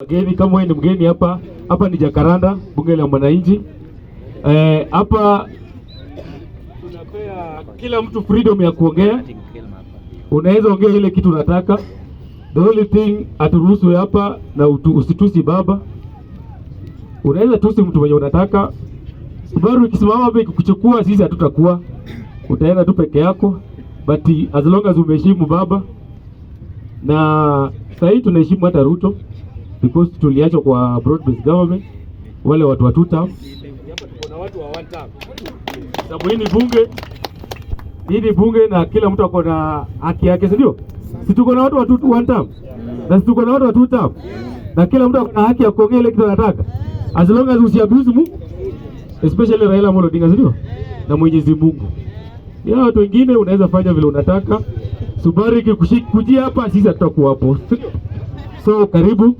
Wageni kama wewe ni mgeni hapa, hapa ni Jakaranda, bunge la mwananchi eh, hapa. E, tunapea kila mtu freedom ya kuongea, unaweza ongea ile kitu unataka. The only thing aturuhusu hapa na utu, usitusi baba, unaweza tusi mtu mwenye unataka. bado. Ukisimama hapa ikikuchukua, sisi hatutakuwa, utaenda tu peke yako, but as long as umeheshimu baba, na sahii tunaheshimu hata Ruto because tuliachwa kwa broad based government, wale watu wa two term. Sababu hii ni bunge, hii ni bunge na kila mtu ako na haki yake, si ndio? Si tuko na watu wa two one term na si tuko na watu wa two term, na kila mtu ako na haki ya kuongea ile kitu anataka, as long as usiabuse mu especially Raila Amolo Odinga, si ndio? Na Mwenyezi Mungu ya watu wengine unaweza fanya vile unataka. Subariki kujia hapa, sisi hapo. So karibu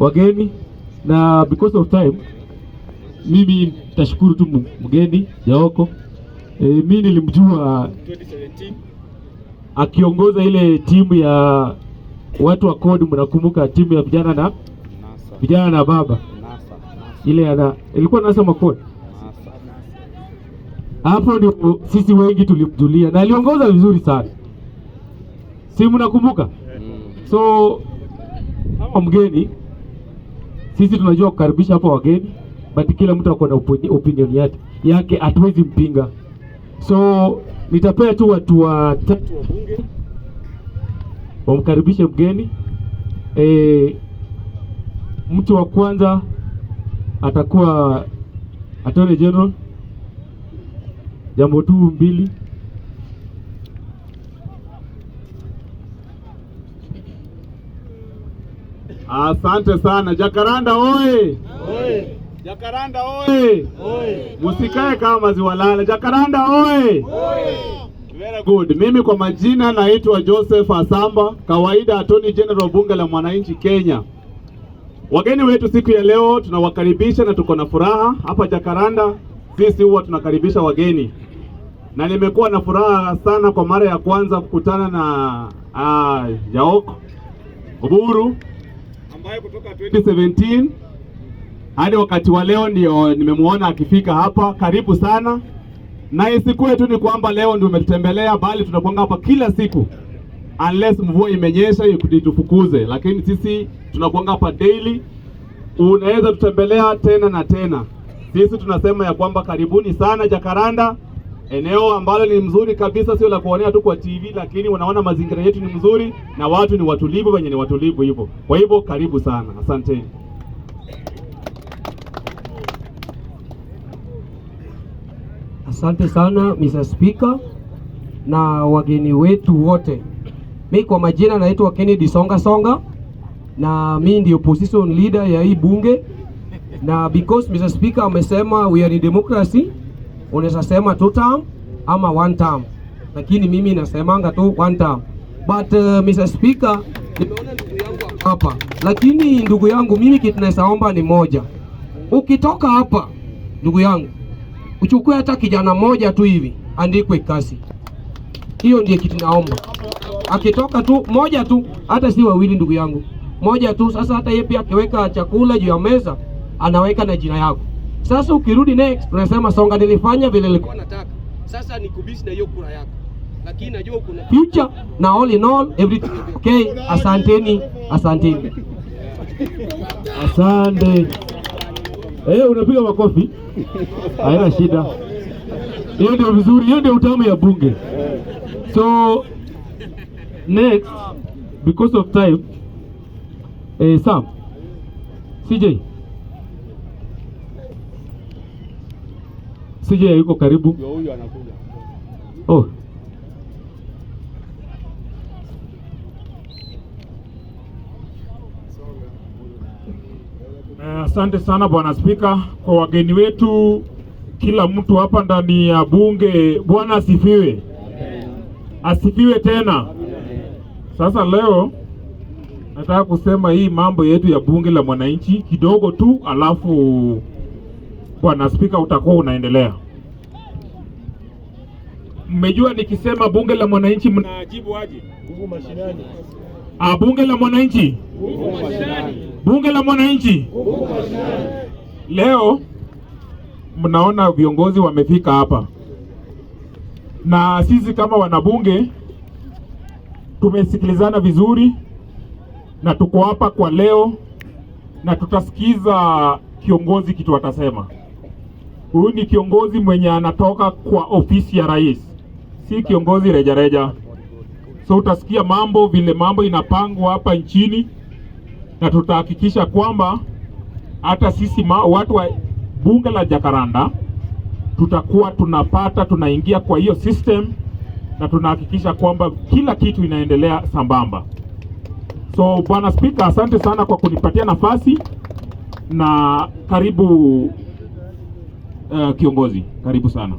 wageni, na because of time mimi nitashukuru tu mgeni Jaoko. E, mi nilimjua akiongoza ile timu ya watu wa kodi, mnakumbuka timu ya vijana na vijana na baba ile ana, ilikuwa nasa makodi hapo ndipo sisi wengi tulimjulia na aliongoza vizuri sana, si mnakumbuka? Mm. So kama mgeni sisi tunajua kukaribisha hapa wageni, but kila mtu ako na opinion yake yake, hatuwezi mpinga. So nitapea tu watu watatu wa bunge wamkaribishe mgeni e. Mtu wa kwanza atakuwa Attorney General, jambo tu mbili Asante sana Jakaranda oye! Jakaranda oye! musikae kama maziwa lala. Jakaranda oye! Very good. Mimi kwa majina naitwa Joseph Asamba, kawaida Attorney General bunge la mwananchi Kenya. Wageni wetu siku ya leo tunawakaribisha na tuko na furaha hapa Jakaranda. Sisi huwa tunakaribisha wageni na nimekuwa na furaha sana kwa mara ya kwanza kukutana na jaoko ah, Jaok Oburu ambaye kutoka 2017 hadi wakati wa leo ndio nimemwona akifika hapa. Karibu sana, na isikuwe tu ni kwamba leo ndio umetutembelea, bali tunakuanga hapa kila siku unless mvua imenyesha ikutufukuze, lakini sisi tunakuanga hapa daily. Unaweza tutembelea tena na tena. Sisi tunasema ya kwamba karibuni sana jakaranda eneo ambalo ni mzuri kabisa, sio la kuonea tu kwa TV, lakini unaona mazingira yetu ni mzuri na watu ni watulivu, wenye ni watulivu hivyo. Kwa hivyo karibu sana, asanteni. Asante sana Mr. Speaker na wageni wetu wote. Mi kwa majina naitwa Kennedy Songa Songa na mi ndio opposition leader ya hii bunge, na because Mr. Speaker amesema we are in democracy unaweza sema two term ama one term, lakini mimi nasemanga tu one term. But uh, Mr. Speaker, nimeona ndugu yangu hapa, lakini ndugu yangu mimi kitu naomba ni moja, ukitoka hapa ndugu yangu uchukue hata kijana moja tu hivi andikwe kasi. Hiyo ndiye kitu naomba, akitoka tu moja tu, hata si wawili ndugu yangu, moja tu. Sasa hata yeye pia akiweka chakula juu ya meza anaweka na jina yako. Sasa ukirudi next unasema songa, nilifanya vile nilikuwa nataka. Sasa nikubisi na hiyo kura yako, lakini najua uko na future na all in all everything okay. Asanteni, asanteni, asante. Eh, unapiga makofi, haina shida. Hiyo ndio vizuri, hiyo ndio utamu ya bunge. So next because of time eh, Sam CJ CJ yuko karibu. Oh. Asante uh, sana bwana Spika, kwa wageni wetu, kila mtu hapa ndani ya bunge. Bwana asifiwe, asifiwe tena. Sasa leo nataka kusema hii mambo yetu ya bunge la mwananchi kidogo tu, alafu bwana Spika utakuwa unaendelea. Mmejua nikisema bunge la mwananchi mnajibu aje? Ah, bunge la mwananchi, bunge la mwananchi. Leo mnaona viongozi wamefika hapa, na sisi kama wanabunge tumesikilizana vizuri, na tuko hapa kwa leo, na tutasikiza kiongozi kitu atasema. Huyu ni kiongozi mwenye anatoka kwa ofisi ya rais si kiongozi rejareja. So utasikia mambo vile mambo inapangwa hapa nchini, na tutahakikisha kwamba hata sisi ma, watu wa bunge la jakaranda tutakuwa tunapata tunaingia kwa hiyo system na tunahakikisha kwamba kila kitu inaendelea sambamba. So bwana Spika, asante sana kwa kunipatia nafasi na karibu uh, kiongozi, karibu sana.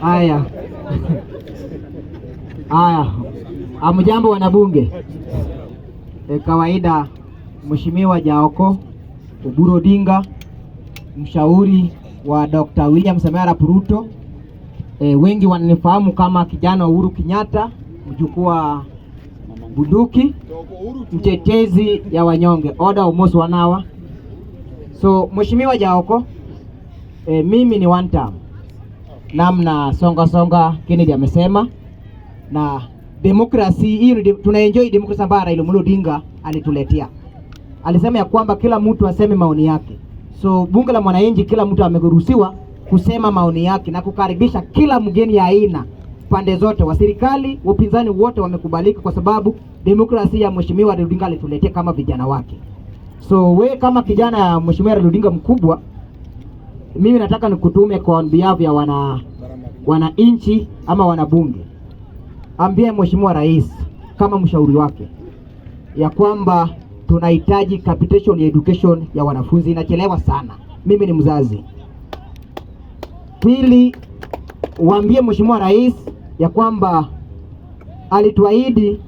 Haya, haya, amjambo wanabunge. E, kawaida Mheshimiwa Jaoko Oburu Odinga mshauri wa Dr. William Samoei Arap Ruto. E, wengi wananifahamu kama kijana Uhuru Kenyatta, mjukuu wa bunduki, mtetezi ya wanyonge, Oda Omosi Wanawa. So Mheshimiwa Jaoko e, mimi ni one term namna songa songa Kennedy amesema na demokrasi hii tunaenjoy demokrasi ambayo Raila Amolo Odinga alituletea. Alisema ya kwamba kila mtu aseme maoni yake, so bunge la mwananchi, kila mtu ameruhusiwa kusema maoni yake na kukaribisha kila mgeni ya aina, pande zote, wa serikali, wapinzani, wote wamekubalika, kwa sababu demokrasia ya mheshimiwa Odinga alituletea kama vijana wake. So we kama kijana ya Mheshimiwa Raila mkubwa, mimi nataka nikutume kwa behalf ya wana wananchi ama wanabunge, ambie Mheshimiwa Rais kama mshauri wake ya kwamba tunahitaji capitation ya education ya wanafunzi, inachelewa sana. Mimi ni mzazi. Pili, waambie Mheshimiwa Rais ya kwamba alituahidi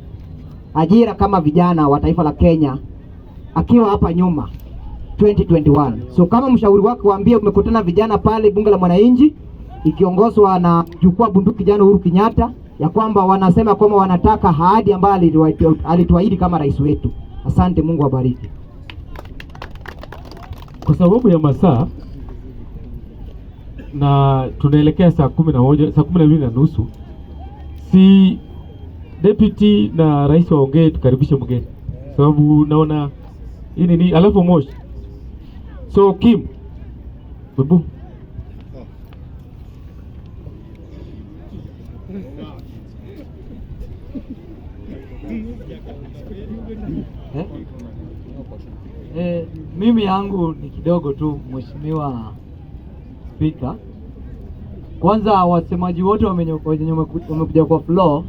ajira kama vijana wa taifa la Kenya akiwa hapa nyuma 2021. So kama mshauri wako waambie, umekutana vijana pale bunge la mwananchi ikiongozwa na jukwaa bunduki jana Uhuru Kenyatta, ya kwamba wanasema kwamba wanataka ahadi ambayo alituahidi kama rais wetu. Asante, Mungu wabariki Kwa sababu ya masaa na tunaelekea saa kumi na moja saa kumi na mbili na nusu si deputy na rais waongee, tukaribishe mgeni sababu naona hii nini, alafu moshi. So Kim babu eh? Eh, mimi yangu ni kidogo tu, Mheshimiwa Spika. Kwanza wasemaji wote wenye wamekuja kwa floor,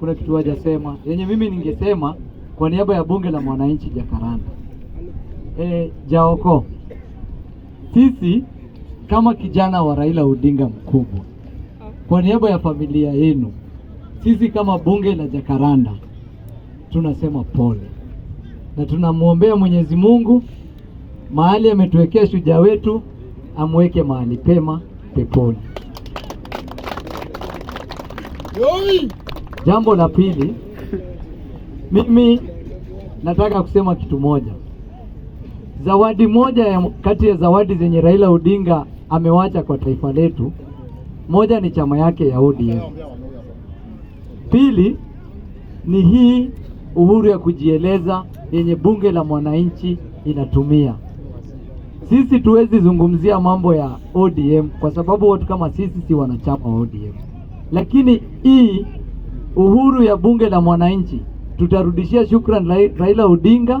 kuna kitu hawajasema yenye mimi ningesema kwa niaba ya bunge la mwananchi Jakaranda e, Jaoko, sisi kama kijana wa Raila Odinga mkubwa, kwa niaba ya familia yenu, sisi kama bunge la Jakaranda tunasema pole na tunamwombea Mwenyezi Mungu mahali ametuwekea shujaa wetu amweke mahali pema peponi. Jambo la pili, mimi nataka kusema kitu moja zawadi moja ya kati ya zawadi zenye Raila Odinga amewacha kwa taifa letu, moja ni chama yake ya ODM, pili ni hii uhuru ya kujieleza yenye bunge la mwananchi inatumia. Sisi tuwezi zungumzia mambo ya ODM kwa sababu watu kama sisi si wanachama wa ODM, lakini hii uhuru ya bunge la mwananchi tutarudishia shukrani Raila Odinga,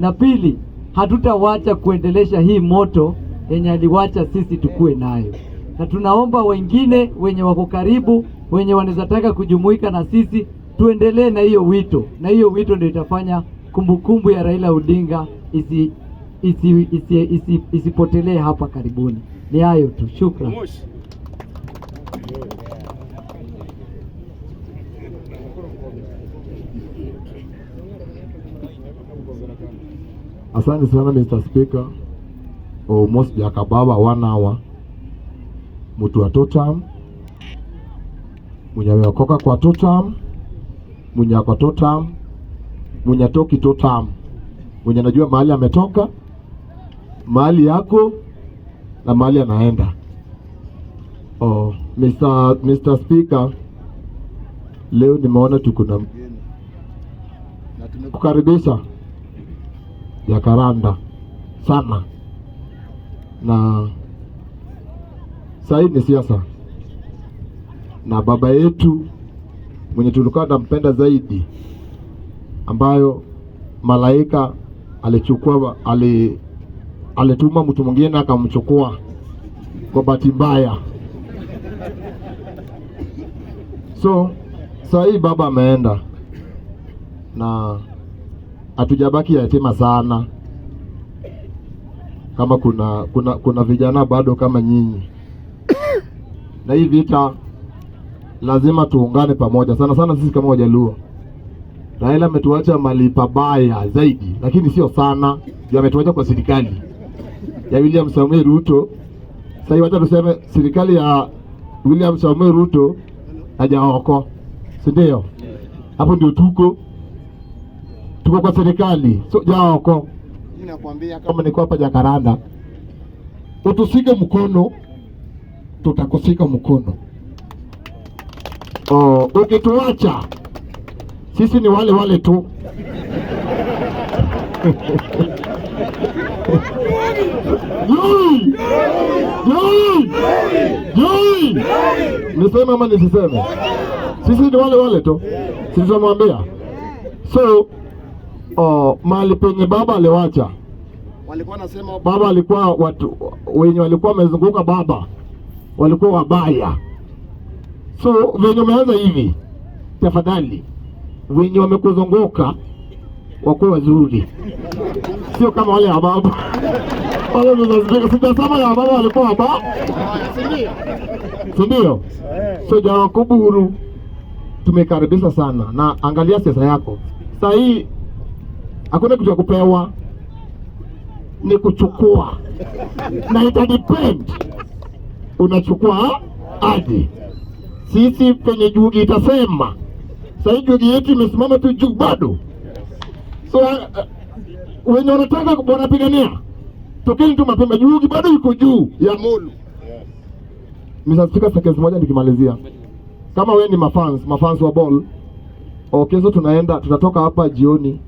na pili hatutawacha kuendelesha hii moto yenye aliwacha sisi tukue nayo, na tunaomba wengine wenye wako karibu, wenye wanaweza taka kujumuika na sisi, tuendelee na hiyo wito, na hiyo wito ndio itafanya kumbukumbu ya Raila Odinga isi isipotelee isi, isi, isi hapa karibuni. Ni hayo tu, shukrani. Asante sana Mr. Speaker. Almost jakababa one hour mutu wa totam wakoka kwa totam munya kwa totam munya toki totam mwenye anajua mahali ametoka mahali yako na mahali anaenda. Oh, Mr. Mr. Speaker, leo nimeona tuko na mgeni na tumekukaribisha ya karanda sana, na sahii ni siasa. Na baba yetu mwenye tulikuwa tunampenda zaidi, ambayo malaika alichukua ali, alituma mtu mwingine akamchukua kwa bahati mbaya. So sahii baba ameenda na hatujabaki yatima sana. Kama kuna kuna kuna vijana bado kama nyinyi, na hii vita lazima tuungane pamoja sana sana, sisi kama Wajaluo. Raila ametuacha mali pabaya zaidi, lakini sio sana, ndio ametuacha kwa serikali ya William Samuel Ruto. Sasa hivi wacha tuseme serikali ya William Samuel Ruto hajaoko, si ndio? Hapo ndio tuko tuko kwa serikali, sio jaoko. Nakwambia kama niko hapa Jakaranda, utusike mkono, tutakusika mkono. Oh, ukituacha sisi ni wale wale tu niseme ama nisiseme? Sisi ni wale wale tu, sisi tunamwambia so oh, mali penye baba aliwacha walikuwa nasema baba alikuwa watu wenye walikuwa wamezunguka baba walikuwa wabaya, so venye umeanza hivi, tafadhali wenye wamekuzunguka wakuwa wazuri, sio kama wale wababa wale mzazi. Sitasema ya baba walikuwa wabaya, si ndio? So Jawa Kuburu tumekaribisha sana, na angalia siasa yako saa hii hakuna kitu ya kupewa, ni kuchukua na ita depend unachukua aje. Sisi penye jugi itasema sahii jugi yetu imesimama tu juu bado, so uh, wenye wanataka wanapigania tokeni tu mapema, jugi bado iko juu ya Mulu. Msafika sekendi moja nikimalizia, kama we ni mafans mafans wa ball, okay, so tunaenda tunatoka hapa jioni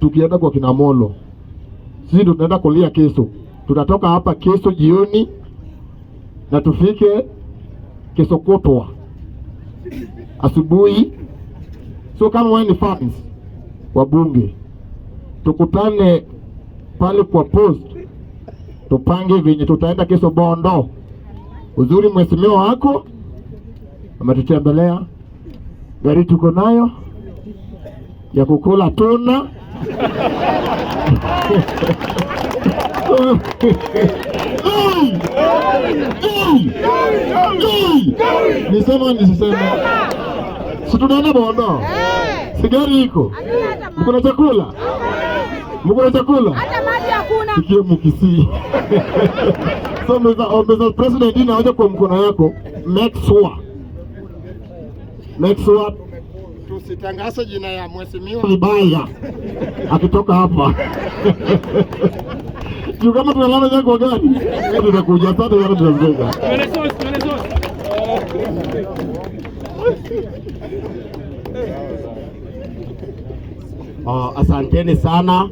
tukienda kwa kina Molo, sisi ndo tunaenda kulia kesho. Tutatoka hapa kesho jioni na tufike kesho kutwa asubuhi. So kama wewe ni fans wa bunge, tukutane pale kwa post, tupange venye tutaenda kesho Bondo. Uzuri mheshimiwa wako ametutembelea, gari tuko nayo ya kukula tuna nisema nisisema, si tunaenda bondo, sigari iko, mko na chakula, mko na chakula, sikie mukisii so Mr. Oh, President, inaoja kwa mkono yako, make sure make sure usitangaze jina ya mheshimiwa vibaya akitoka hapa juu kama tunalala ja kwa gari tunakuja sasa tunaenda tunazunguka Oh, asanteni sana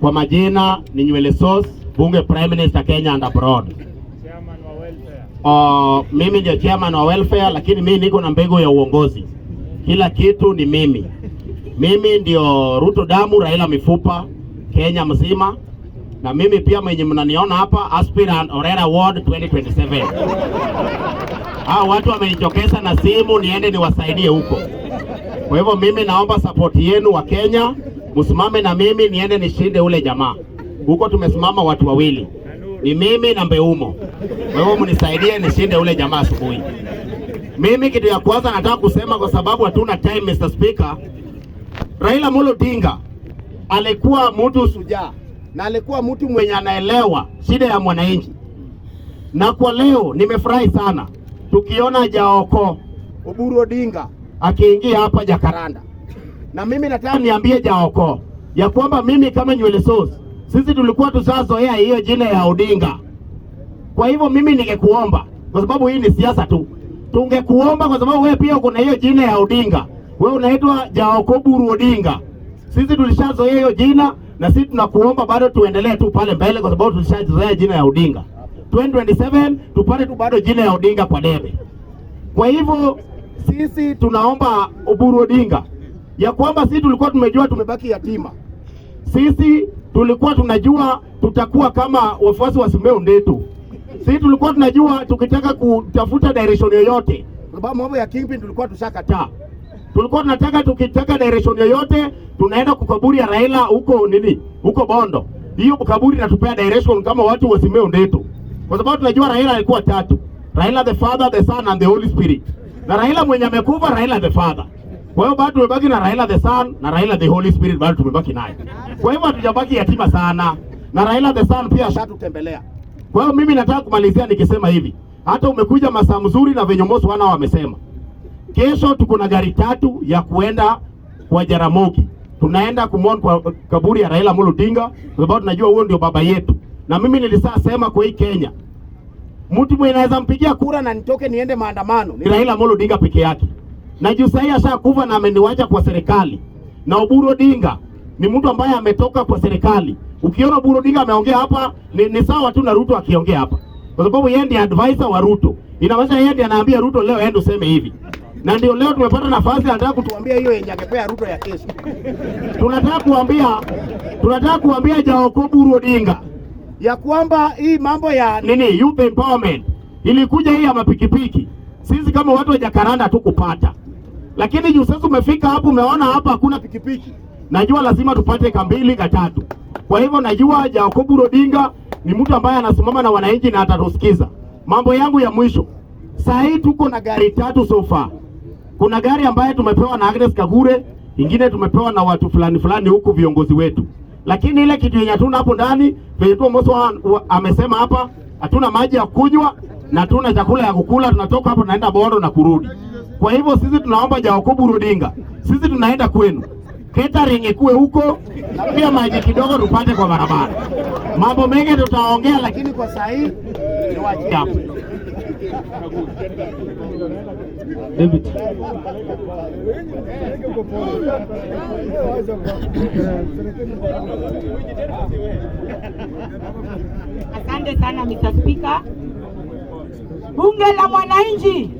kwa majina ni Nywele Sauce, bunge Prime Minister Kenya and abroad. Chairman wa welfare. Oh, mimi ndio chairman wa welfare, lakini mimi niko na mbegu ya uongozi. Kila kitu ni mimi, mimi ndio Ruto damu, Raila mifupa, Kenya mzima na mimi pia mwenye mnaniona hapa aspirant Orera Ward 2027. Hao watu wamenichokesa na simu niende niwasaidie huko. Kwa hivyo mimi naomba support yenu wa Kenya, msimame na mimi niende nishinde ule jamaa huko. Tumesimama watu wawili, ni mimi na Mbeumo. Kwa hivyo mnisaidie nishinde ule jamaa asubuhi. Mimi kitu ya kwanza nataka kusema kwa sababu hatuna time Mr. Speaker. Raila Amolo Odinga alikuwa mtu sujaa na alikuwa mtu mwenye anaelewa shida ya mwananchi, na kwa leo nimefurahi sana tukiona Jaoko Oburu Odinga akiingia hapa Jakaranda, na mimi nataka niambie Jaoko ya kwamba mimi kama nywele source, sisi tulikuwa tushazoea hiyo jina ya Odinga. Kwa hivyo mimi ningekuomba, kwa sababu hii ni siasa tu tungekuomba kwa sababu wewe pia uko na hiyo jina ya Odinga, wewe unaitwa Jaokoburu Odinga. Sisi tulishazoea hiyo jina na sisi tunakuomba bado tuendelee tu pale mbele, kwa sababu tulishazoea jina ya Odinga. 2027 tupate tu bado jina ya Odinga kwa debe. Kwa hivyo sisi tunaomba Oburu Odinga ya kwamba sisi tulikuwa tumejua tumebaki yatima, sisi tulikuwa tunajua tutakuwa kama wafuasi wa Simeo Ndeto. Sisi tulikuwa tunajua tukitaka kutafuta direction yoyote, sababu mambo ya kingpin tulikuwa tushakataa. Tulikuwa tunataka tukitaka direction yoyote tunaenda kwa kaburi ya Raila huko nini, huko Bondo. Hiyo kaburi inatupea direction kama watu wa Simeo Ndeto, kwa sababu tunajua Raila alikuwa tatu: Raila the father, the son and the holy spirit, na Raila mwenye amekufa, Raila the father. Kwa hiyo bado tumebaki na Raila the son na Raila the holy spirit, bado tumebaki naye. Kwa hivyo hatujabaki yatima sana, na Raila the son pia ashatutembelea. Kwa hiyo mimi nataka kumalizia nikisema hivi, hata umekuja masaa mzuri na venyomoso wana wamesema, kesho tuko na gari tatu ya kuenda kwa Jaramogi, tunaenda kumwona kwa kaburi ya Raila Amolo Odinga kwa sababu tunajua huo ndio baba yetu, na mimi nilisema kwa hii Kenya mtu mwenye anaweza mpigia kura na nitoke niende maandamano ni Raila Amolo Odinga peke yake, na juu sahii ashakufa na ameniwacha kwa serikali, na Oburu Odinga ni mtu ambaye ametoka kwa serikali Ukiona Oburu Odinga ameongea hapa ni, ni sawa tu na Ruto akiongea hapa, kwa sababu yeye ndiye advisor wa Ruto. Inamaanisha yeye ndiye anaambia Ruto leo aende useme hivi, na ndio leo tumepata nafasi, anataka kutuambia hiyo yenye angepea Ruto ya kesho. Tunataka kuambia tunataka kuambia Jaoko Oburu Odinga ya kwamba hii mambo ya nini youth empowerment ilikuja hii ya mapikipiki, sisi kama watu wa Jakaranda hatukupata, lakini juu sasa umefika hapo, umeona hapa hakuna pikipiki, najua lazima tupate kambili katatu. Kwa hivyo najua Jacob Rodinga ni mtu ambaye anasimama na wananchi na atatusikiza. Mambo yangu ya mwisho, saa hii tuko na gari tatu so far. Kuna gari ambaye tumepewa na Agnes Kagure, ingine tumepewa na watu fulani fulani huku viongozi wetu, lakini ile kitu yenye hatuna hapo ndani venye tu Moswa amesema hapa, hatuna maji ya kunywa na tuna chakula ya kukula. Tunatoka hapo tunaenda Bondo na kurudi. Kwa hivyo sisi tunaomba Jacob Rodinga, sisi tunaenda kwenu catering ikuwe huko, pia maji kidogo tupate kwa barabara. Mambo mengi tutaongea, lakini kwa saa hii ni wajibu. David asante sana Mr. Speaker. Bunge la Mwananchi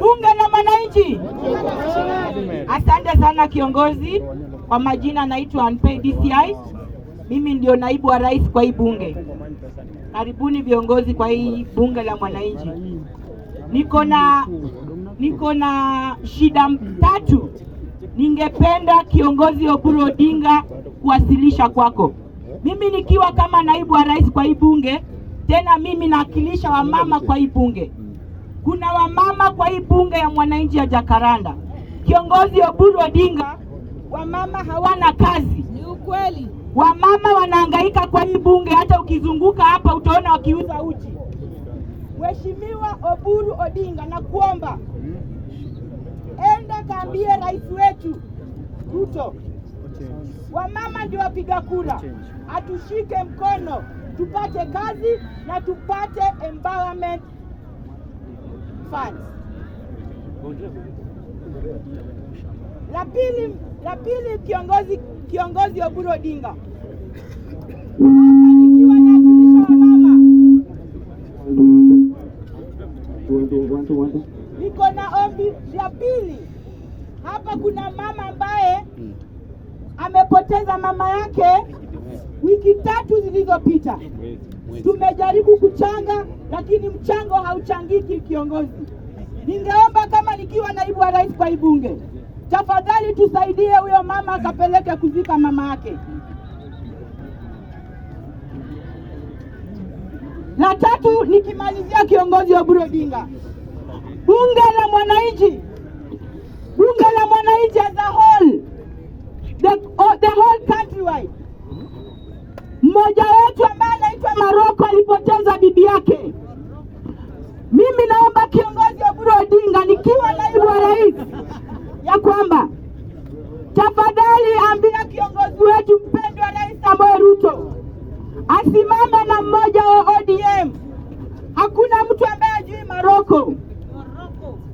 bunge la mwananchi. Asante sana kiongozi. Kwa majina naitwa Anpei DCI, mimi ndio naibu wa rais kwa hii bunge. Karibuni viongozi kwa hii bunge la mwananchi. Niko na niko na shida tatu, ningependa kiongozi Oburu Odinga kuwasilisha kwako. Mimi nikiwa kama naibu wa rais kwa hii bunge, tena mimi nawakilisha wamama kwa hii bunge kuna wamama kwa hii bunge ya mwananchi ya Jakaranda, kiongozi Oburu Odinga, wamama hawana kazi. Ni ukweli, wamama wanahangaika kwa hii bunge, hata ukizunguka hapa utaona wakiuza uji. Mheshimiwa Oburu Odinga, na kuomba enda kaambie rais wetu Ruto, wamama ndio wapiga kura, atushike mkono tupate kazi na tupate empowerment funds. La pili, la pili kiongozi kiongozi Oburu Odinga niko na ombi la pili hapa. Kuna mama ambaye amepoteza mama yake wiki tatu zilizopita. Tumejaribu kuchanga, lakini mchango hauchangiki kiongozi. Ningeomba kama nikiwa naibu wa rais kwa Ibunge, tafadhali tusaidie huyo mama akapeleke kuzika mama yake. La tatu, nikimalizia kiongozi wa burodinga bunge la mwananchi, bunge la mwananchi as a whole the, the whole countrywide mmoja wetu ambaye anaitwa Maroko alipoteza bibi yake. Mimi naomba kiongozi Oburu Odinga, nikiwa naibu wa rais, ya kwamba tafadhali ambia kiongozi wetu mpendwa Rais Samoei Ruto asimame na mmoja wa ODM. Hakuna mtu ambaye ajui Maroko.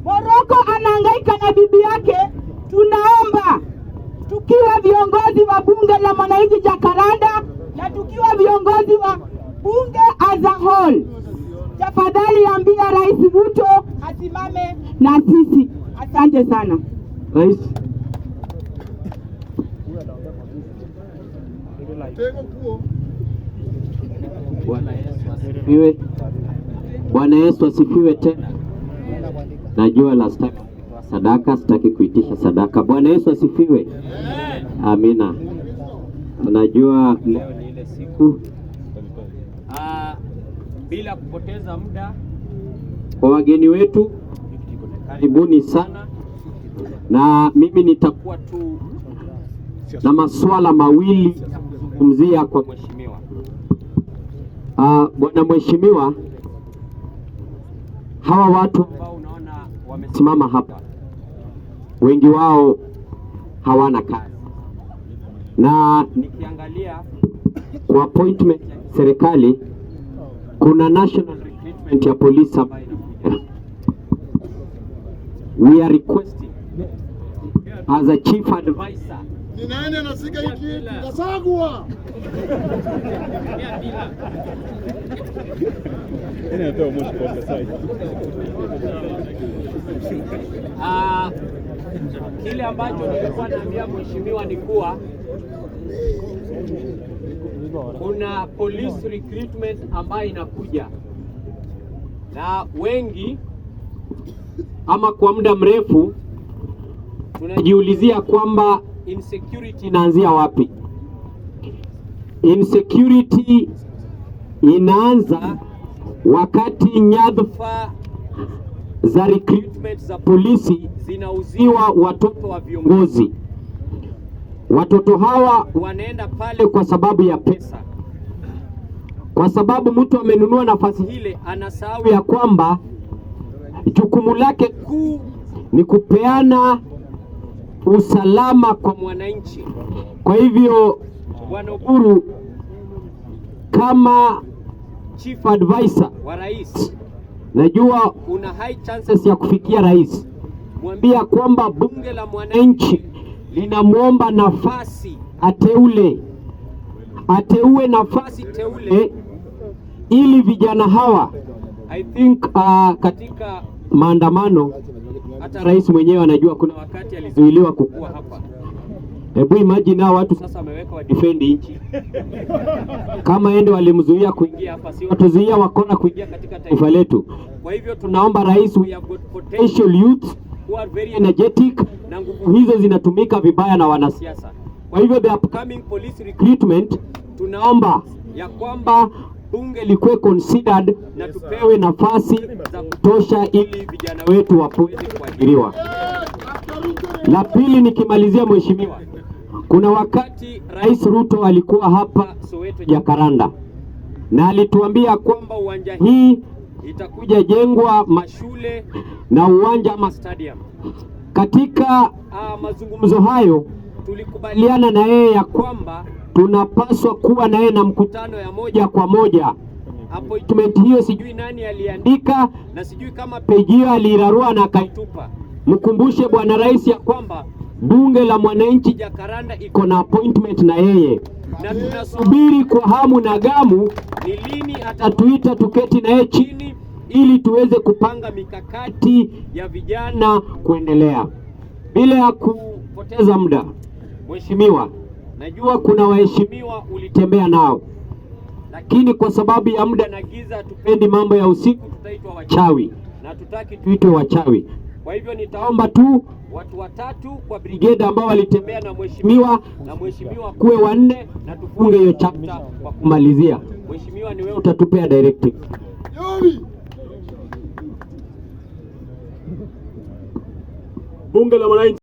Moroko anahangaika na bibi yake sana rais Bwana Yesu asifiwe. Tena najua la staki sadaka, sitaki kuitisha sadaka. Bwana Yesu asifiwe. Amina. Unajua leo ni ile siku ah, bila kupoteza muda, kwa wageni wetu karibuni sana na mimi nitakuwa tu na masuala mawili ya kuzungumzia kwa mheshimiwa Ah, bwana mheshimiwa, hawa watu ambao unaona wamesimama hapa, wengi wao hawana kazi, na nikiangalia kwa appointment ya serikali kuna national recruitment ya polisi ambayo we are requesting as a chief advisor. Ni nani anasika hiki? Kasagwa. Ah, kile ambacho nilikuwa naambia mheshimiwa ni kuwa kuna police recruitment ambayo inakuja na wengi ama kwa muda mrefu tunajiulizia kwamba insecurity inaanzia wapi? Insecurity inaanza wakati nyadhifa za recruitment za polisi zinauziwa watoto wa viongozi. Watoto hawa wanaenda pale kwa sababu ya pesa, kwa sababu mtu amenunua nafasi ile, anasahau ya kwamba jukumu lake kuu ni kupeana usalama kwa mwananchi. Kwa hivyo, Bwana Uhuru kama chief advisor wa rais, najua una high chances ya kufikia rais. Mwambia kwamba bunge la mwananchi linamwomba nafasi ateule, ateue nafasi teule eh, ili vijana hawa I think uh, katika maandamano hata rais mwenyewe anajua kuna wakati alizuiliwa kukua hapa. Hebu imagine hao watu sasa wameweka wa defend nchi. Kama ende walimzuia kuingia hapa, si watuzuia wakona kuingia katika taifa letu. Kwa hivyo tunaomba rais, we have got potential youth who are very energetic, na nguvu hizo zinatumika vibaya na wanasiasa. Kwa hivyo the upcoming police recruitment tunaomba ya kwamba bunge likuwe considered na tupewe nafasi za kutosha ili vijana wetu wapoweze kuajiriwa. La pili, nikimalizia mheshimiwa, kuna wakati Rais Ruto alikuwa hapa Soweto Jakaranda, na alituambia kwamba uwanja hii itakuja jengwa mashule na uwanja ama stadium. Katika uh, mazungumzo hayo tulikubaliana na yeye ya kwamba tunapaswa kuwa na yeye na mkutano ya moja kwa moja. Appointment hiyo sijui nani aliandika na sijui kama peji hiyo aliirarua na akaitupa. Mkumbushe Bwana Rais ya kwamba bunge la mwananchi Jakaranda iko na appointment na yeye na tunasubiri kwa hamu na gamu ni lini atatuita tuketi na yeye chini ili tuweze kupanga mikakati ya vijana kuendelea. Bila ya kupoteza muda Mheshimiwa, najua kuna waheshimiwa ulitembea nao, lakini kwa sababu ya muda na giza, tupendi mambo ya usiku, tutaitwa wachawi na tutaki tuitwe wachawi. Kwa hivyo nitaomba tu watu watatu kwa brigade ambao walitembea na mheshimiwa na mheshimiwa kuwe wanne, na tufunge hiyo chapter kwa kumalizia. Mheshimiwa, ni wewe utatupea directive. Bunge la Mwananchi.